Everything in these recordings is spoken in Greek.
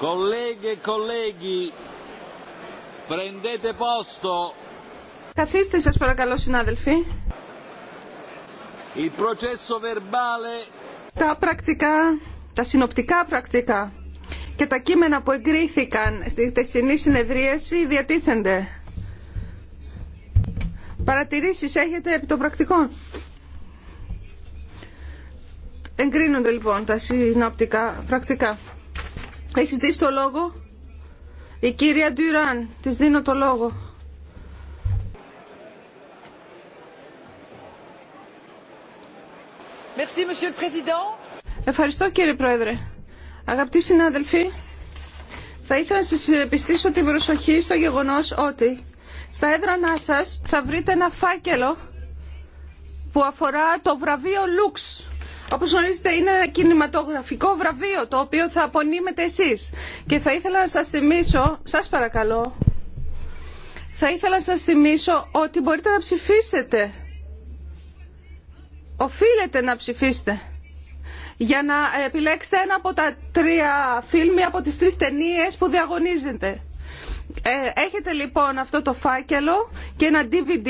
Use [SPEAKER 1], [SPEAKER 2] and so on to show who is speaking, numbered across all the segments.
[SPEAKER 1] Colleghe colleghi, prendete posto. Καθίστε σας παρακαλώ συνάδελφοι. Il processo verbale. Τα πρακτικά, τα συνοπτικά πρακτικά και τα κείμενα που εγκρίθηκαν στη θεσινή συνεδρίαση διατίθενται. Παρατηρήσεις έχετε επί των πρακτικών. Εγκρίνονται λοιπόν τα συνοπτικά πρακτικά. Έχεις δει το λόγο. Η κυρία Ντουράν, της δίνω το λόγο. Ευχαριστώ κύριε Πρόεδρε. Αγαπητοί συνάδελφοι, θα ήθελα να σας επιστήσω την προσοχή στο γεγονός ότι στα έδρανά σας θα βρείτε ένα φάκελο που αφορά το βραβείο Λουξ Όπω γνωρίζετε είναι ένα κινηματογραφικό βραβείο το οποίο θα απονείμετε εσείς. Και θα ήθελα να σα θυμίσω, σας παρακαλώ, θα ήθελα να σας θυμίσω ότι μπορείτε να ψηφίσετε. Οφείλετε να ψηφίσετε για να επιλέξετε ένα από τα τρία φίλμια από τις τρεις ταινίε που διαγωνίζετε. Έχετε λοιπόν αυτό το φάκελο και ένα DVD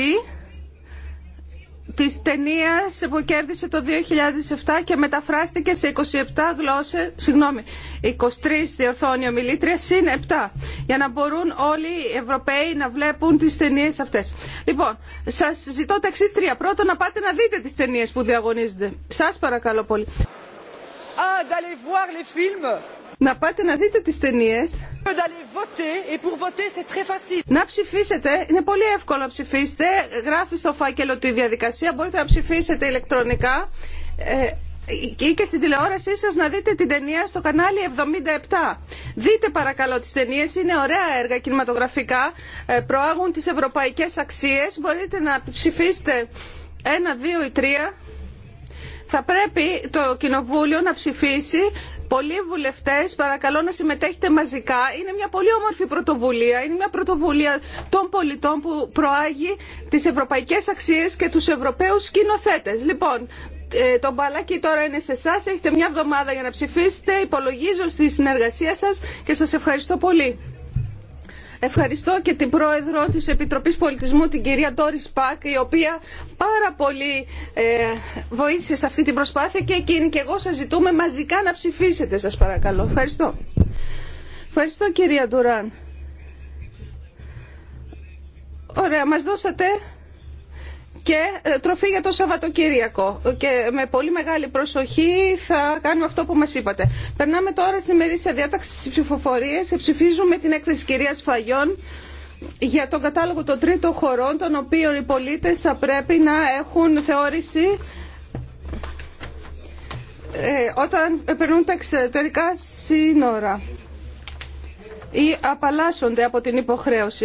[SPEAKER 1] της ταινία που κέρδισε το 2007 και μεταφράστηκε σε 27 γλώσσες, συγγνώμη, 23 διορθώνει ομιλήτρια, συν 7, για να μπορούν όλοι οι Ευρωπαίοι να βλέπουν τις ταινίε αυτές. Λοιπόν, σας ζητώ τα εξής τρία. Πρώτον, να πάτε να δείτε τις ταινίε που διαγωνίζονται. Σας παρακαλώ πολύ. Ah, να πάτε να δείτε τις ταινίε. Να ψηφίσετε, είναι πολύ εύκολο να ψηφίσετε. Γράφει στο φάκελο τη διαδικασία, μπορείτε να ψηφίσετε ηλεκτρονικά ε, ή και στην τηλεόρασή σας να δείτε την ταινία στο κανάλι 77. Δείτε παρακαλώ τις ταινίε, είναι ωραία έργα κινηματογραφικά, ε, προάγουν τις ευρωπαϊκές αξίες, μπορείτε να ψηφίσετε ένα, δύο ή τρία. Θα πρέπει το Κοινοβούλιο να ψηφίσει Πολλοί βουλευτέ παρακαλώ να συμμετέχετε μαζικά. Είναι μια πολύ όμορφη πρωτοβουλία. Είναι μια πρωτοβουλία των πολιτών που προάγει τι ευρωπαϊκέ αξίε και του ευρωπαίου σκηνοθέτε. Λοιπόν, ε, το μπαλάκι τώρα είναι σε εσά. Έχετε μια εβδομάδα για να ψηφίσετε. Υπολογίζω στη συνεργασία σα και σα ευχαριστώ πολύ. Ευχαριστώ και την πρόεδρο της Επιτροπής Πολιτισμού, την κυρία Τόρι Πακ, η οποία πάρα πολύ ε, βοήθησε σε αυτή την προσπάθεια και εκείνη και εγώ σας ζητούμε μαζικά να ψηφίσετε σας παρακαλώ. Ευχαριστώ. Ευχαριστώ κυρία Ντουράν. Ωραία, μας δώσατε και ε, τροφή για το Σαββατοκύριακο. Και με πολύ μεγάλη προσοχή θα κάνουμε αυτό που μα είπατε. Περνάμε τώρα στη μερίσια διάταξη στις ψηφοφορίες. Ψηφίζουμε την έκθεση κυρία Φαγιών για τον κατάλογο των τρίτων χωρών, των οποίων οι πολίτες θα πρέπει να έχουν θεώρηση ε, όταν περνούν τα εξωτερικά σύνορα ή απαλλάσσονται από την υποχρέωση